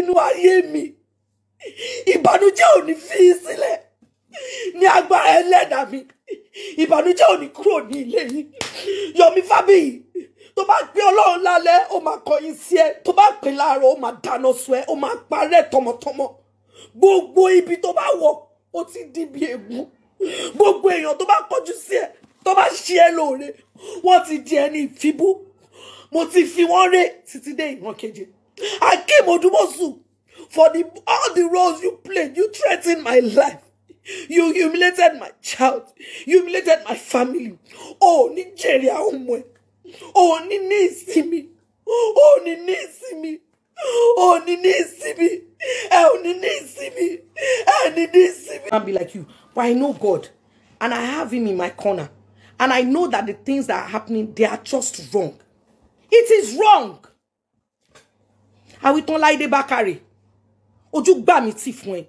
nínú ayé mi ìbànújẹ́ ò ní fi sílẹ̀ ní agbára ẹlẹ́dàá mi ìbànújẹ́ ò ní kúrò ní ilé yìí Yọ̀mí Fábíyì tó bá gbé ọlọ́run lálẹ́ ó máa kọyìn sí ẹ tó bá pè láàárọ̀ ó máa dáná sun ẹ ó máa parẹ́ tọmọtọmọ gbogbo ibi tó bá wọ̀ ó ti di bí ègún gbogbo èèyàn tó bá kọjú sí ẹ tó bá ṣe ẹ lóore wọ́n ti di ẹni ìfibú mo ti fi wọ́n ré títí dé ìran keje came Odumosu, for the, all the roles you played, you threatened my life. You humiliated my child. You humiliated my family. Oh, Nigeria, Omwe. Oh, Nini me. Oh, Nini me. Oh, Nini me. Eh, oh, Nini me. Oh, Nini me. I'll be like you. But I know God. And I have him in my corner. And I know that the things that are happening, they are just wrong. It is wrong. àwítán láìdé bákàrè ojú gbà mí tì fún ẹ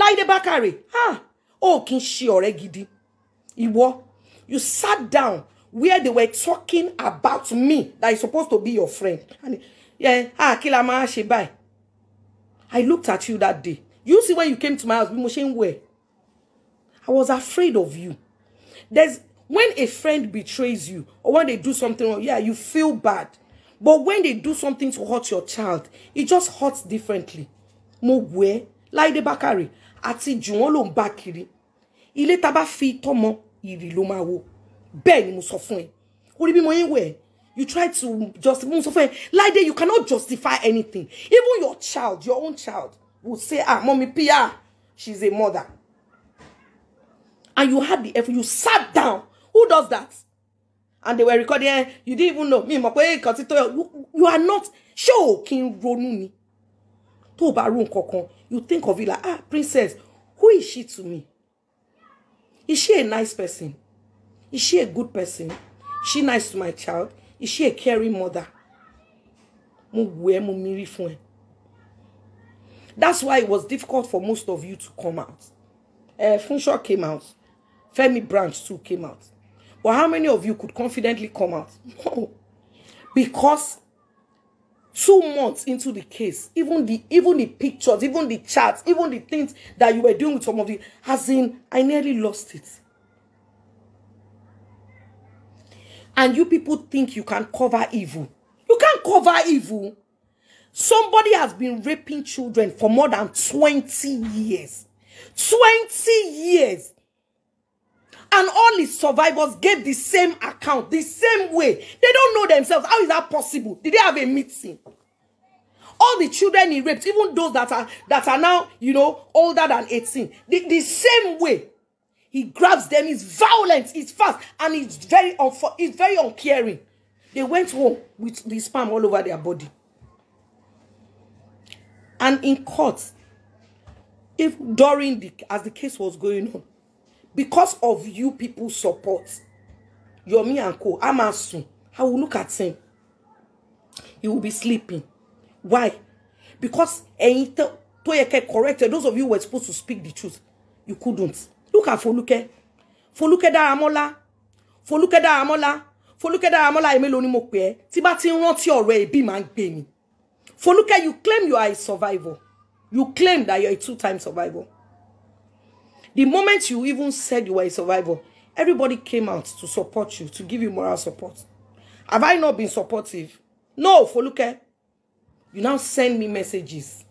láìdé bákàrè ó kì í ṣe ọ̀rẹ́ gidi ìwọ you sat down where they were talking about me that is supposed to be your friend and yeah, ah kí la máa ṣe I looked at you that day you see when you came to my house bí mo ṣe ń I was afraid of you there's when a friend betrays you or when they do something wrong yeah you feel bad But when they do something to hurt your child, it just hurts differently. Mo wẹ́ like the bakari, ati wọ́n ló ń bá kiri. Ilé ta fi tọ́mọ ìrì ló máa wo. ben ni mo sọ fún mo yín you try to justify mo sọ fún ẹ you cannot justify anything. Even your child your own child will say ah mommy pia she's a mother. And you had the effort you sat down. Who does that? and they were recording eh you didn't even know me. mọ̀ pé nǹkan ti tó you are not ṣé o kí n ronú ni tó o bá ro you think of it like ah princess who is she to me is she a nice person is she a good person is she nice to my child is she a caring mother mo wù mo miri fún that's why it was difficult for most of you to come out uh, eh, Funsho came out Femi Branch too came out But how many of you could confidently come out? No. Because two months into the case, even the even the pictures, even the chats, even the things that you were doing with some of the as in I nearly lost it. And you people think you can cover evil. You can't cover evil. Somebody has been raping children for more than 20 years. 20 years. And all his survivors gave the same account, the same way. They don't know themselves. How is that possible? Did they have a meeting? All the children he raped, even those that are that are now, you know, older than 18, the, the same way. He grabs them, he's violent, he's fast, and he's very he's very uncaring. They went home with the sperm all over their body. And in court, if during the as the case was going on, because of you people's support me, and co I'm máa I will look at him he will be sleeping why because ẹ̀yin tó yẹ kẹ́ correct those of you were supposed to speak the truth you couldn't look at Foluke Foluke da amola. Foluke da amola. Foluke da amola emeloni ẹ́ tí bá ti ń rántí ọ̀rọ̀ ẹbí máa ń gbé Foluke you claim you are a survivor you claim that you're a two-time survivor The moment you even said you were a survivor, everybody came out to support you, to give you moral support. Have I not been supportive? No, Foluke. You now send me messages.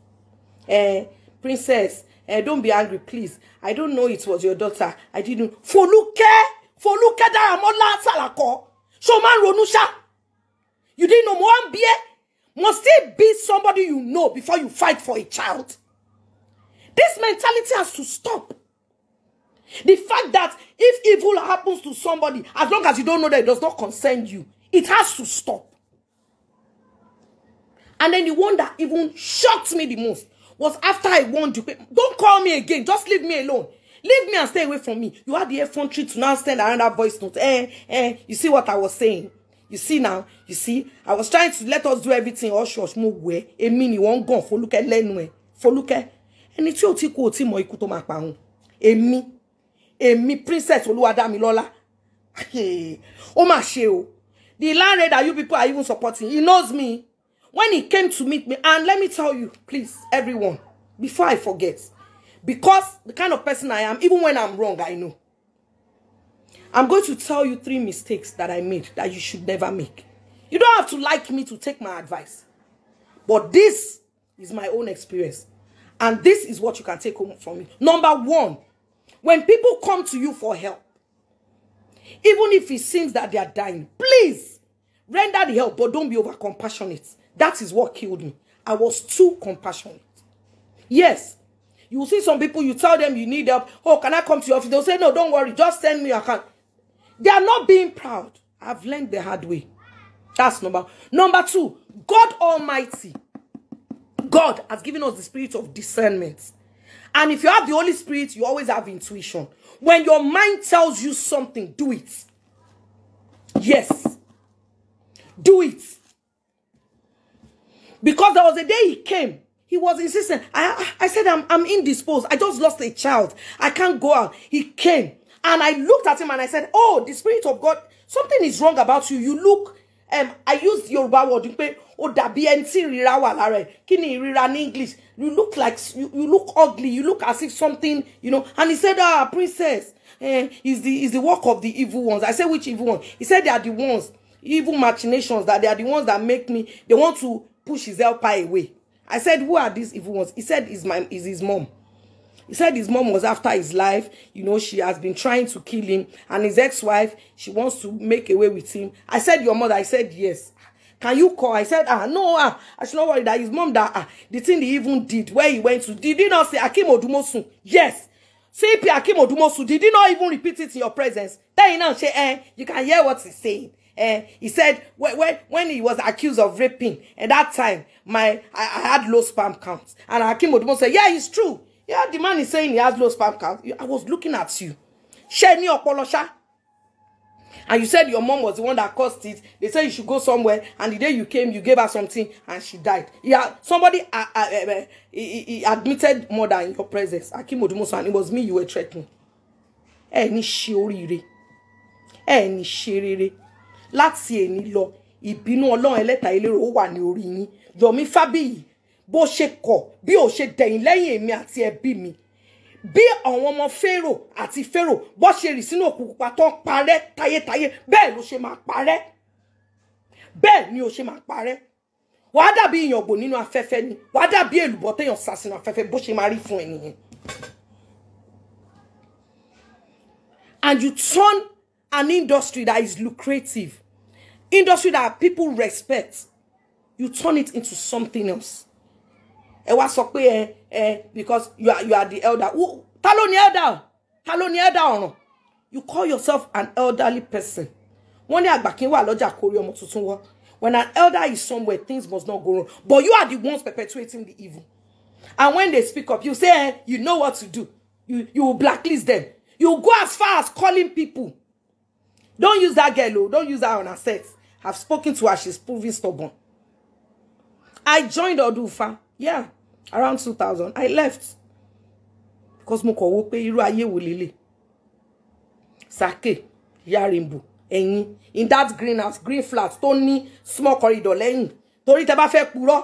Eh, princess, eh, don't be angry, please. I don't know it was your daughter. I didn't. Foluke! Foluke Daramola Salako! Showman Ronusha! You didn't know Mwambie? Must it be somebody you know before you fight for a child? This mentality has to stop. The fact that if evil happens to somebody, as long as you don't know that it does not concern you, it has to stop. And then the one that even shocked me the most was after I warned you, don't call me again, just leave me alone. Leave me and stay away from me. You had the tree to now send another voice note. Eh, eh, you see what I was saying? You see now, you see, I was trying to let us do everything. Oh, shush, mo we. Èmi ni wọ́n gan Fọlúkẹ́ lẹ́nu ẹ̀. Fọlúkẹ́. Ẹni tí ó ti kú ó ti mọ ikú tó máa pa òun. Èmi èmi princess Oluwadamilola. ó mà ṣe o the landlord that you people are even supporting he knows me when he came to meet me and let me tell you please everyone before I forget because the kind of person I am even when I'm wrong I know I'm going to tell you three mistakes that I made that you should never make you don't have to like me to take my advice but this is my own experience and this is what you can take home from me number one When people come to you for help, even if it seems that they are dying, please render the help, but don't be over compassionate. That is what killed me. I was too compassionate. Yes, you see some people, you tell them you need help. Oh, can I come to your office? They'll say, no, don't worry. Just send me your account. They are not being proud. I've learned the hard way. That's number Number two, God Almighty. God has given us the spirit of discernment. And if you have the Holy Spirit, you always have intuition. When your mind tells you something, do it. Yes. Do it. Because there was a day he came. He was insistent. I, I said, I'm, I'm indisposed. I just lost a child. I can't go out. He came. And I looked at him and I said, oh, the Spirit of God, something is wrong about you. You look um, I use Yoruba word pé ó dàbí ẹni tí ìrira wà lára ẹ̀ ni ìrira ní English you look like you, you look ugly you look as if something you know and he said ah princess eh, is the is the work of the evil ones I said which evil ones he said they are the ones evil machinations that they are the ones that make me they want to push his helper away I said who are these evil ones he said is my is his mom He said his mom was after his life. You know, she has been trying to kill him. And his ex-wife, she wants to make away with him. I said, your mother. I said, yes. Can you call? I said, ah, no, ah, I should not worry that his mom that, ah, the thing he even did, where he went to, did he not say Akim Odumosu? Yes. CP Akim Odumosu. did he not even repeat it in your presence? Then you know, she, eh, you can hear what he's saying. Uh, he said when, when, when he was accused of raping at that time my I, I had low sperm counts, and Akim Odumosun said yeah it's true yeah the man is saying he has low sperm count I was looking at you Share me your ṣá and you said your mom was the one that caused it they said you should go somewhere and the day you came you gave her something and she died yeah somebody uh, uh, uh, uh he, he admitted murder in your presence Akim Odumosan, it was me you were threatening ẹ ní ṣe oríire ẹ ní ṣe rere láti èní lọ ìbínú ọlọ́run ẹlẹ́ta ìlérò ó wà ní orí yín Yomi Fabi bó ṣe kọ̀ bí ò ṣe dẹ̀yìn lẹ́yìn èmi àti ẹbí mi bí àwọn ọmọ fèrò àti fèrò bó ṣe rì sínú òkú pupa tó ń parẹ́ tayétayé bẹ́ẹ̀ ló ṣe máa parẹ́ bẹ́ẹ̀ ni ó ṣe máa parẹ́ wàá dàbí ìyàngbò nínú afẹ́fẹ́ ni wàá dàbí èlùbọ́ téèyàn sá sínú afẹ́fẹ́ bó ṣe máa rí fún ẹnìyẹn. and you turn an industry that is lucrative industry that people respect you turn it into something else ẹ wá sọ pé ẹ ẹ because you are you are the elder who ta ló ni elder ta ló ni elder ọ̀ràn you call yourself an elderly person wọ́n ní àgbà kí n wà lọ́jà kórè ọmọ tuntun wọ́ when an elder is somewhere things must not go wrong but you are the ones perpetuating the evil and when they speak up you say eh, you know what to do you you blacklist them you go as far as calling people don't use that girl o oh. don't use her on her sex Have spoken to her she's proving stubborn I joined Odufa yeah around two thousand I left because mo kọ̀ wo pé irú ayé wo lélẹ̀ sake yarimbo ẹ̀yin in that green green flat tó ní small corridor lẹ́yìn torí tẹ bá fẹ́ purọ́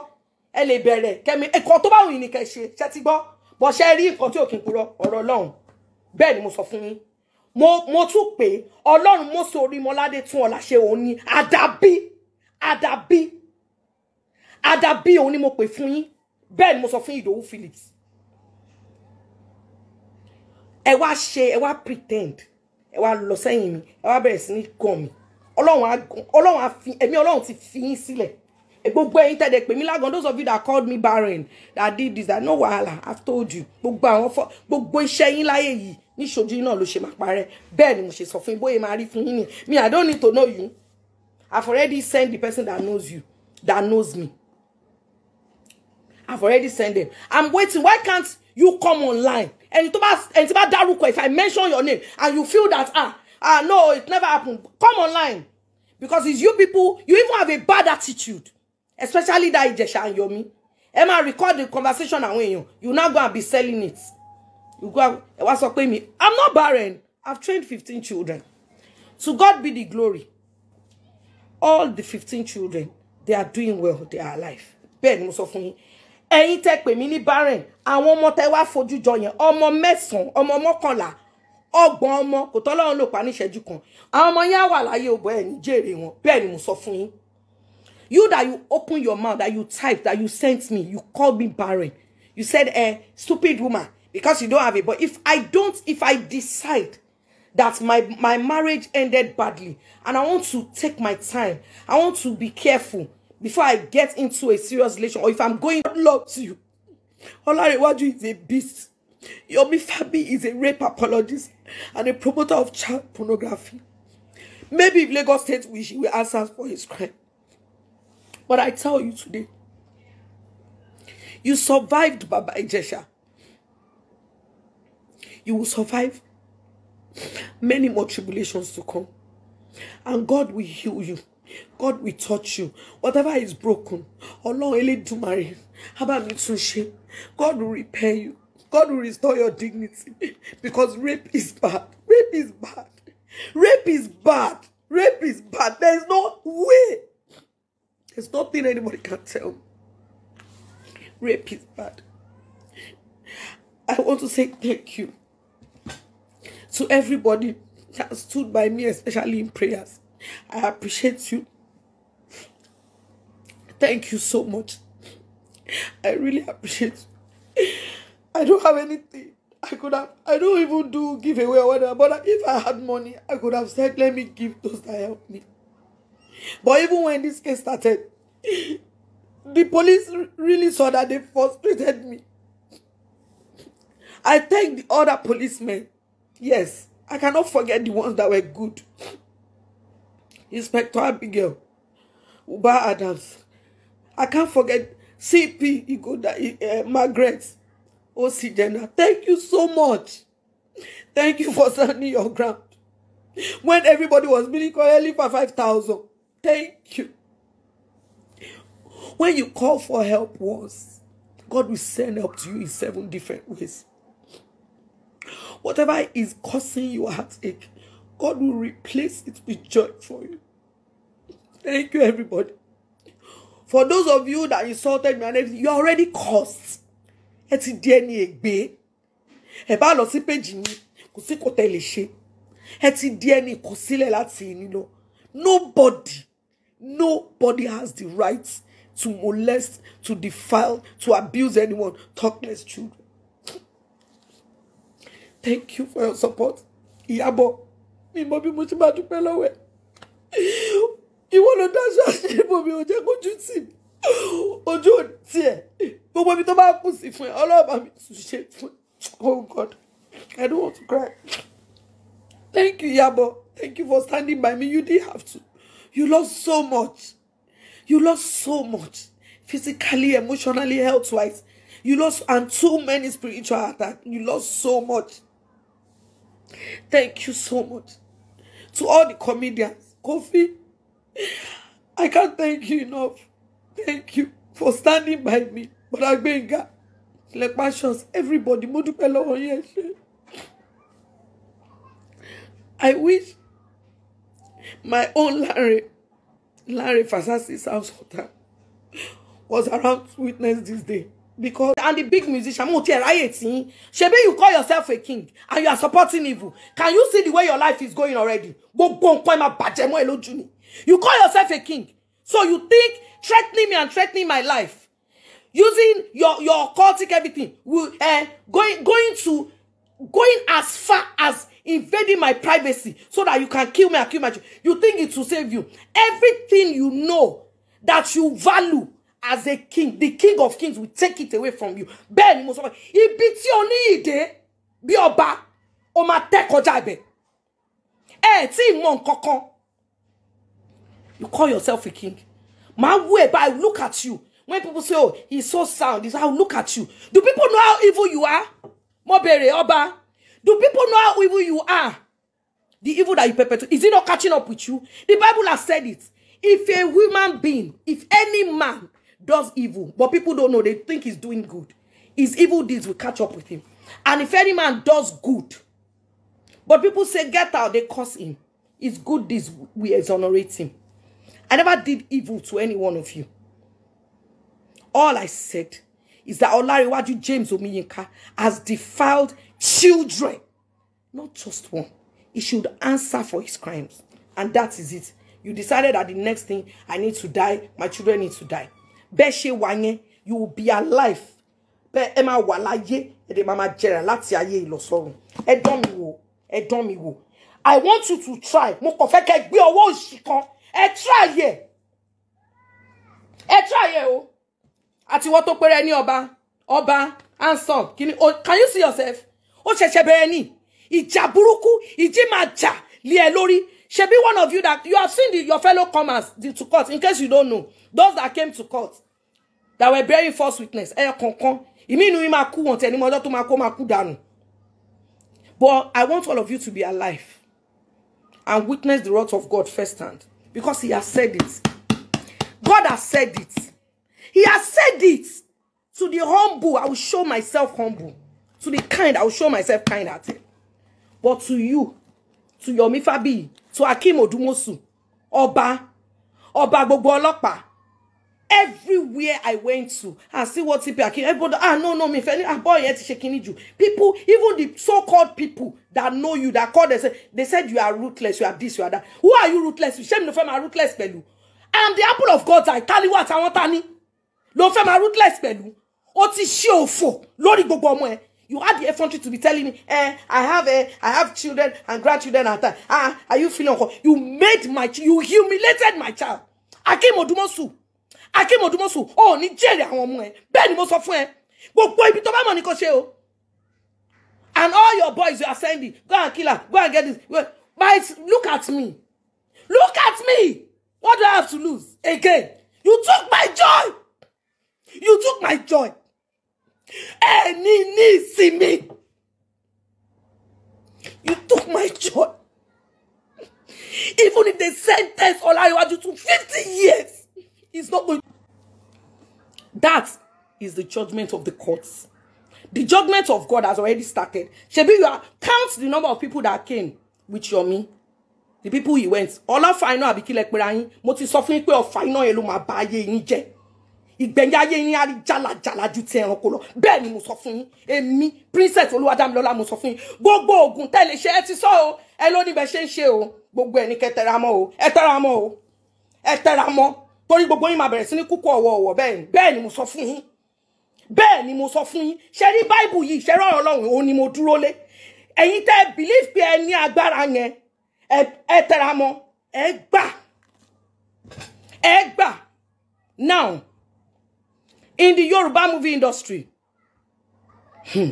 ẹ lè bẹ̀rẹ̀ kẹmi ẹ̀kọ́ tó bá wù yín ni kẹ́ ṣe ṣẹ́ ti gbọ́ bọ́ ṣe rí nǹkan tí ò kí n purọ́ ọ̀rọ̀ ọlọ́run ni mo sọ fún yín mo mo tún pé ọlọ́run mọ́sọ orí mọ́ládé tún ọ̀la ṣe òun ni adabi adabi adabi òun ni mo pè fún yín bẹ́ẹ̀ ni mo sọ fún Ìdòwú Phillips ẹ wá ṣe ẹ wá pretend ẹ wá lọ sẹ́yìn mi ẹ wá bẹ̀rẹ̀ sí ní gàn mi ọlọ́run á fi ẹ̀mí ọlọ́run ti fi yín sílẹ̀ gbogbo ẹ̀yin tẹ̀dẹ̀ pè mí lágan those of you that called me barren that did this that no wahala i've told you gbogbo àwọn fọ gbogbo iṣẹ́ yín láyé yìí níṣojú yín náà ló ṣe máa parẹ́ bẹ́ẹ̀ ni mo ṣe sọ fún yín bóyá máa rí fún yín ni me i don't need to know you i've already sent the person that knows you that knows me I've already sent them. I'm waiting. Why can't you come online? ẹni tó bá ẹni tó bá dárúkọ if I mention your name and you feel that ah ah no it never happened. come online because it's you people you even have a bad attitude especially that Ijesha and Yomi Emma, record the conversation and when you now go and be selling it you go what's up with me? I'm not barren I've trained 15 children So God be the glory all the 15 children they are doing well they are alive Ben ni mo sọ ẹ̀yin tẹ́ pè mí ní barren àwọn ọmọ tẹ́ wá fojú jọ yẹn ọmọ mẹ́sàn-án ọmọ mọ́kànlá ọgbọ̀n ọmọ kò tọ́lọ́run ló pa níṣẹ́jú kan àwọn ọmọ yẹn á wà láyé òbọ ẹ̀yìn jèrè wọn bẹ́ẹ̀ ni mo sọ fún yín you that you open your mouth that you type that you sent me you call me barren you said eh, stupid woman because you don't have a boy if I don't if I decide that my my marriage ended badly and I want to take my time I want to be careful before I get into a serious relation or if I'm going to love you. Olarewaju is a beast. Yomi Fabi is a rape apologist and a promoter of child pornography. Maybe if Lagos State will, she will answer for his crime. But I tell you today, you survived Baba Ijesha. You will survive many more tribulations to come. And God will heal you. God will touch you. Whatever is broken, Ọlọ́run Elédùmarè, á bá mi tún shame? God will repair you. God will restore your dignity because rape is bad. Rape is bad. Rape is bad. Rape is bad. There is no way. There's nothing anybody can tell. Rape is bad. I want to say thank you to everybody that stood by me, especially in prayers. I appreciate you. Thank you so much. I really appreciate you. I don't have anything. I could have, I don't even do giveaway or whatever, but if I had money, I could have said, let me give those that help me. But even when this case started, the police really saw that they frustrated me. I thank the other policemen. Yes, I cannot forget the ones that were good. Inspector Abigail, Uba Adams. I can't forget CP Igoda, uh, Margaret O.C. Jenner. Thank you so much. Thank you for standing your ground. When everybody was billing Koyeli for 5,000. Thank you. When you call for help once, God will send help to you in seven different ways. Whatever is causing your heartache, God will replace it with joy for you. Thank you, everybody. For those of you that insulted me and everything, you already caused. Ẹ ti di ẹni ègbé. Ẹ bá lọ sí péjì mi, kò ti di ẹni ìkọsílẹ̀ láti ìní lọ. Nobody, nobody has the right to molest, to defile, to abuse anyone, talkless children. Thank you for your support. Iyabo mi mọ bí mo ti máa dúpẹ́ lọ́wọ́ ẹ̀ ìwọ ló dáṣọ àṣẹbọ mi ò jẹ́ kójú tì mí ojú ò tiẹ̀ gbogbo ibi tó bá kù sí fún ẹ ọlọ́run bá mi tún ṣe fún ẹ oh God I don't want to cry thank you Iyabo thank you for standing by me you didn't have to you lost so much you lost so much physically emotionally health wise you lost and too many spiritual attacks you lost so much thank you so much to all the comedians. Kofi, I can't thank you enough. Thank you for standing by me. But Agbenga, like passions, everybody, mo dúpẹ́ lọ́wọ́ yín I wish my own Larry, Larry Fasasi's house was around to witness this day because and the big musician mo ti ráyè tí ṣebí you call yourself a king and you are supporting evil can you see the way your life is going already gbogbo nǹkan ẹ máa bàjẹ́ mọ́ ẹ ni you call yourself a king so you think threatening me and threatening my life using your your occultic everything will uh, going going to going as far as invading my privacy so that you can kill me and kill my children you think it will save you everything you know that you value as a king the king of kings will take it away from you bẹ́ẹ̀ ni mo sọ fún ẹ ibi tí o ní ìdè bí ọba o máa tẹ́ kọjá ibẹ̀ ẹ tí ì you call yourself a king màá wú but I look at you when people say oh he's so sound he's how look at you do people know how evil you are mo béèrè ọba do people know how evil you are the evil that you perpetrate is it not catching up with you the bible has said it if a human being if any man does evil, but people don't know. They think he's doing good. His evil deeds will catch up with him. And if any man does good, but people say, get out, they curse him. His good deeds, we exonerate him. I never did evil to any one of you. All I said is that Olariwaju James Omiyinka has defiled children. Not just one. He should answer for his crimes. And that is it. You decided that the next thing, I need to die, my children need to die. bẹ́ẹ̀ ṣe wà yẹn you will be alive bẹ́ẹ̀ ẹ máa wà láyé ẹ dẹ̀ máa máa jẹrà láti ayé ìlọsọ́run ẹ dán mi wò ẹ dán mi wò I want you to try mo kàn fẹ́ kẹ́ gbé ọwọ́ òsì kan try ye. E try ye o Ati wọ́n tó péré ní ọba ọba ansan kìíní can you see yourself ó ṣẹ̀ṣẹ̀ bẹ̀rẹ̀ ní ìjà burúkú ìjì máa jà Should be one of you that you have seen the, your fellow comers the, to court, in case you don't know. Those that came to court that were bearing false witness. Eh, kon kon. Imi nu ima ku wante ni mojo to ma ko ma But I want all of you to be alive and witness the wrath of God firsthand because he has said it. God has said it. He has said it to the humble. I will show myself humble. To the kind, I will show myself kind hearted. But to you, to your Mifabi to Akim Odumosu, Oba, Ọba gbogbo ọlọ́pàá. Everywhere I went to I see what TP Akeem, everybody, ah, no, no, me, Feni, ah, boy, yet shaking you. People, even the so-called people that know you, that called, they said, they said you are ruthless, you are this, you are that. Who are you ruthless? You Shame no fẹ́ máa ruthless pẹ̀lú. I am the apple of God's eye. what I want tani. No fẹ́ máa ruthless pẹ̀lú. Oti ti ofo. òfò lórí gbogbo ọmọ You had the effrontery to be telling me, eh, I have eh, I have children and grandchildren at time. Ah, are you feeling uncomfortable? You made my you humiliated my child. Akim Odumosu. Akim Odumosu. Oh, ní jèrè àwọn ọmọ ẹ. Bẹ́ẹ̀ ni mo sọ fún ẹ. Gbogbo ibi tó bá mọ̀ ní kò ṣe o. And all your boys you are sending, go and kill her, go and get this. But look at me. Look at me. What do I have to lose? Again, you took my joy. You took my joy ẹ ní see me. you took my joy even if they sentence Ọláníwájú to fifty years it's not going. that is the judgment of the courts the judgment of God has already started shebi you are count the number of people that came with me, the people he went Ọlọ́fà iná àbíkí lẹ pera yín mo ti sọ fún yín pé ọ̀fà ìgbẹ̀yìn ayé yín á rí jálajàla ju ti ẹranko lọ bẹ́ẹ̀ ni mo sọ fún yín èmi princess olúwadámilọ́lá mo sọ fún yín gbogbo oògùn tẹ́lẹ̀ ṣe ẹ ti sọ o ẹ ló níbẹ̀ ṣe ń ṣe o gbogbo ẹ̀ ní kẹ́ mọ́ o ẹ tẹra mọ́ o ẹ tẹra mọ́ torí gbogbo yín máa bẹ̀rẹ̀ sí ní kúkú ọ̀wọ̀ ọ̀wọ̀ bẹ́ẹ̀ ni bẹ́ẹ̀ ni mo sọ fún yín bẹ́ẹ̀ ni mo sọ fún yín ṣe rí báìbù yìí ṣe rọrọ Ọlọ́run òun ni mo dúró lé ẹ̀yin tẹ́ believe pé ẹ ní agbára yẹn ẹ tẹra mọ́ ẹ gbà ẹ gbà now in the Yoruba movie industry. Hmm.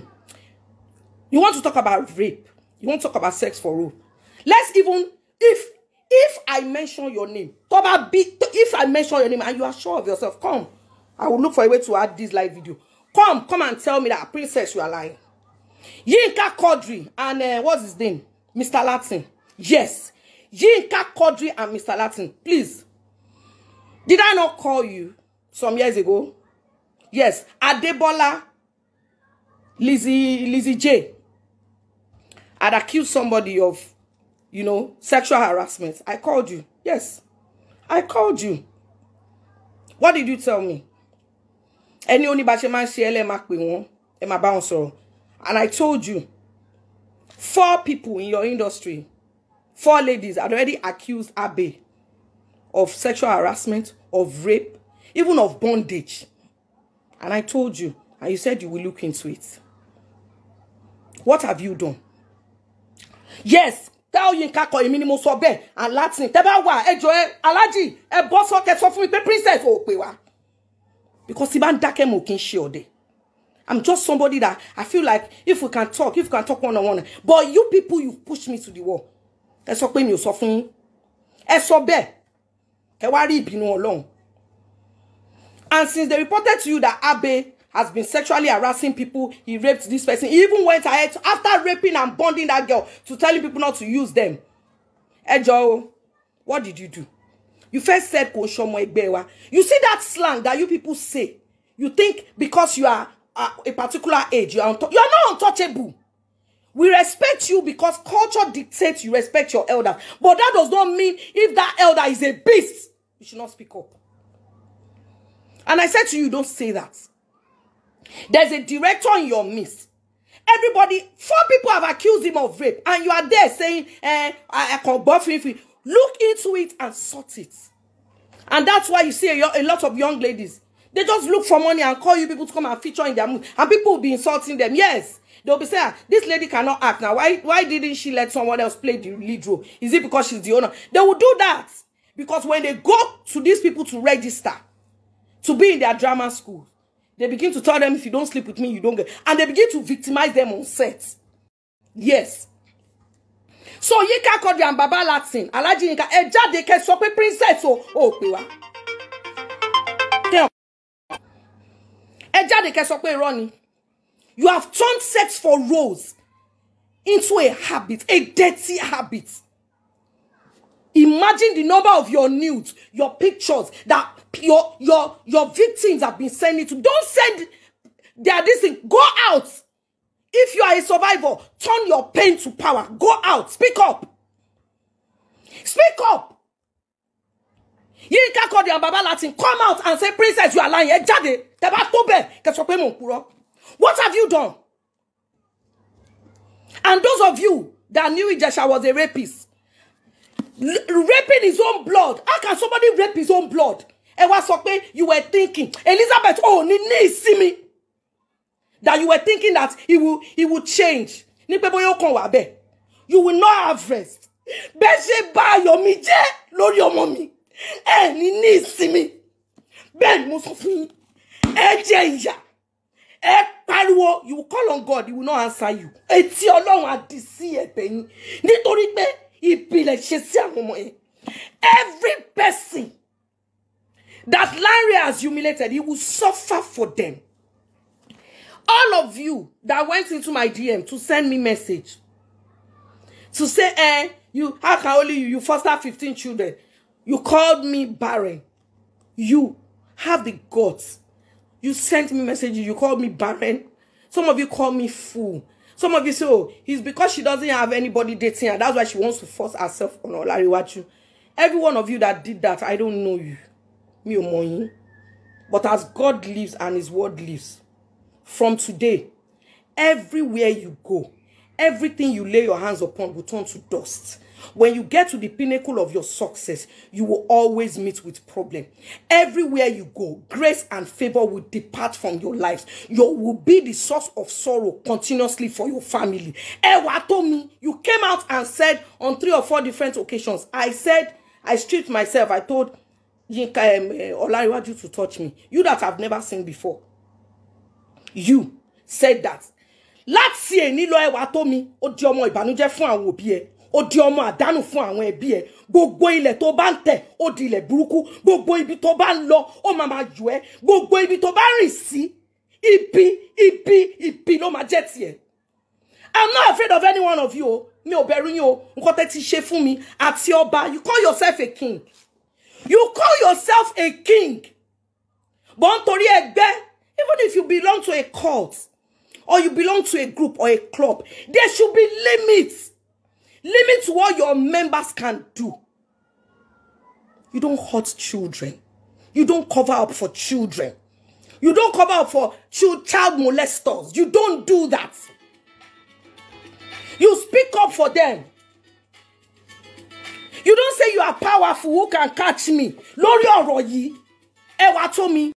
You want to talk about rape. You want to talk about sex for rule. Let's even, if if I mention your name, come B, if I mention your name and you are sure of yourself, come. I will look for a way to add this live video. Come, come and tell me that, princess, you are lying. Yinka Kodri and uh, what's his name? Mr. Latin. Yes. Yinka Kodri and Mr. Latin. Please. Did I not call you some years ago yes Adebola Lizzie Lizzie J had accused somebody of you know sexual harassment I called you yes I called you what did you tell me Any ó ní bá ṣe máa ń ṣe ẹ lẹ́ẹ̀ máa pè wọ́n and I told you four people in your industry four ladies had already accused Abe of sexual harassment of rape even of bondage and I told you, and you said you will look into it. What have you done? Yes, tell you Koyimi ni mo sọ bẹ́ẹ̀ and Latin. Tẹ́ wa ejo ẹjọ́ ẹ alájì ẹ bọ́ sọ́kẹ́ sọ fún princess ò pè wá. Because tí bá ń dákẹ́ mo kì í ṣe I'm just somebody that I feel like if we can talk, if we can talk one on one. But you people, you push me to the wall. Ẹ sọ pé mi ò sọ fún yín. Ẹ sọ bẹ́ẹ̀. Ẹ wá rí ìbínú And since they reported to you that Abe has been sexually harassing people, he raped this person, he even went ahead to, after raping and bonding that girl to telling people not to use them. Hey, what did you do? You first said You see that slang that you people say. You think because you are a particular age, you are, you are not untouchable. We respect you because culture dictates you respect your elder. But that does not mean if that elder is a beast, you should not speak up. And I said to you, don't say that. There's a director in your midst. Everybody, four people have accused him of rape, and you are there saying, eh, I, I can buff him. Look into it and sort it. And that's why you see a, a lot of young ladies. They just look for money and call you people to come and feature in their movie. And people will be insulting them. Yes. They'll be saying, ah, this lady cannot act now. Why, why didn't she let someone else play the lead role? Is it because she's the owner? They will do that. Because when they go to these people to register, to be in their drama school. They begin to tell them, if you don't sleep with me, you don't get. And they begin to victimize them on set. Yes. So Yinka Quadri and Baba Latin, alaji Yinka, eja jáde kẹ́ sọ pé princess o, o pè wá. Ẹ jáde Ronnie, You have turned sex for roles into a habit, a dirty habit. Imagine the number of your nudes, your pictures that your your your victims have been sending to. Don't send their this thing. Go out. If you are a survivor, turn your pain to power. Go out. Speak up. Speak up. Yinka called their Baba Latin. Come out and say, Princess, you are lying. Ẹ jáde. Tẹ́ bá tó bẹ́ẹ̀, What have you done? And those of you that knew Ijesha was a rapist, raping his own blood how can somebody rape his own blood ẹ wá sọ you were thinking Elizabeth ò oh, ni ní ìsinmi that you were thinking that he will he will change Ni pebo bóyá ó kàn you will not have rest Beje ba yo mi je. lórí ọmọ mommy. Eh ni ni mo sọ fún yín ẹ jẹ ìyà ẹ pariwo you call on God he will not answer you etí ti á di disi ẹ̀bẹ̀ yín nítorí pé ìpìlẹ̀ ṣe sí àwọn ọmọ yẹn every person that Larry has humiliated he will suffer for them all of you that went into my DM to send me message to say eh you how can only you you foster fifteen children you called me barren you have the guts you sent me messages you called me barren some of you call me fool Some of you say, oh, it's because she doesn't have anybody dating her. That's why she wants to force herself on Olariwaju. Every one of you that did that, I don't know you. Mi ò mọ̀ But as God lives and his word lives, from today, everywhere you go, everything you lay your hands upon will turn to dust. When you get to the pinnacle of your success, you will always meet with problem. Everywhere you go, grace and favor will depart from your lives. You will be the source of sorrow continuously for your family. Ewa told me, you came out and said on three or four different occasions, I said, I stripped myself. I told Yinka um, Olariwaju eh, to touch me. You that I've never seen before. You said that. Láti èní lọ ẹwà tó mi, ó di ọmọ ìbànújẹ́ fún àwọn òbí ẹ ó di ọmọ àdánù fún àwọn ẹbí ẹ gbogbo ilẹ̀ tó bá ń tẹ̀ ó di ilẹ̀ burúkú gbogbo ibi tó bá ń lọ ó máa máa jù ẹ́ gbogbo ibi tó bá rìn sí ibi ibi ibi ló máa jẹ́ tiẹ̀ i'm not afraid of any one of you o mi ò bẹ̀rù yín o nǹkan tẹ́ ti ṣe fún mi àti ọba you call yourself a king you call yourself a king but nítorí ẹgbẹ́ even if you belong to a cult or you belong to a group or a club there should be limits Limit to what your members can do. You don't hurt children. You don't cover up for children. You don't cover up for child molesters. You don't do that. You speak up for them. You don't say you are powerful who can catch me. Lórí ọ̀rọ̀ yìí, ẹ wá tó mi.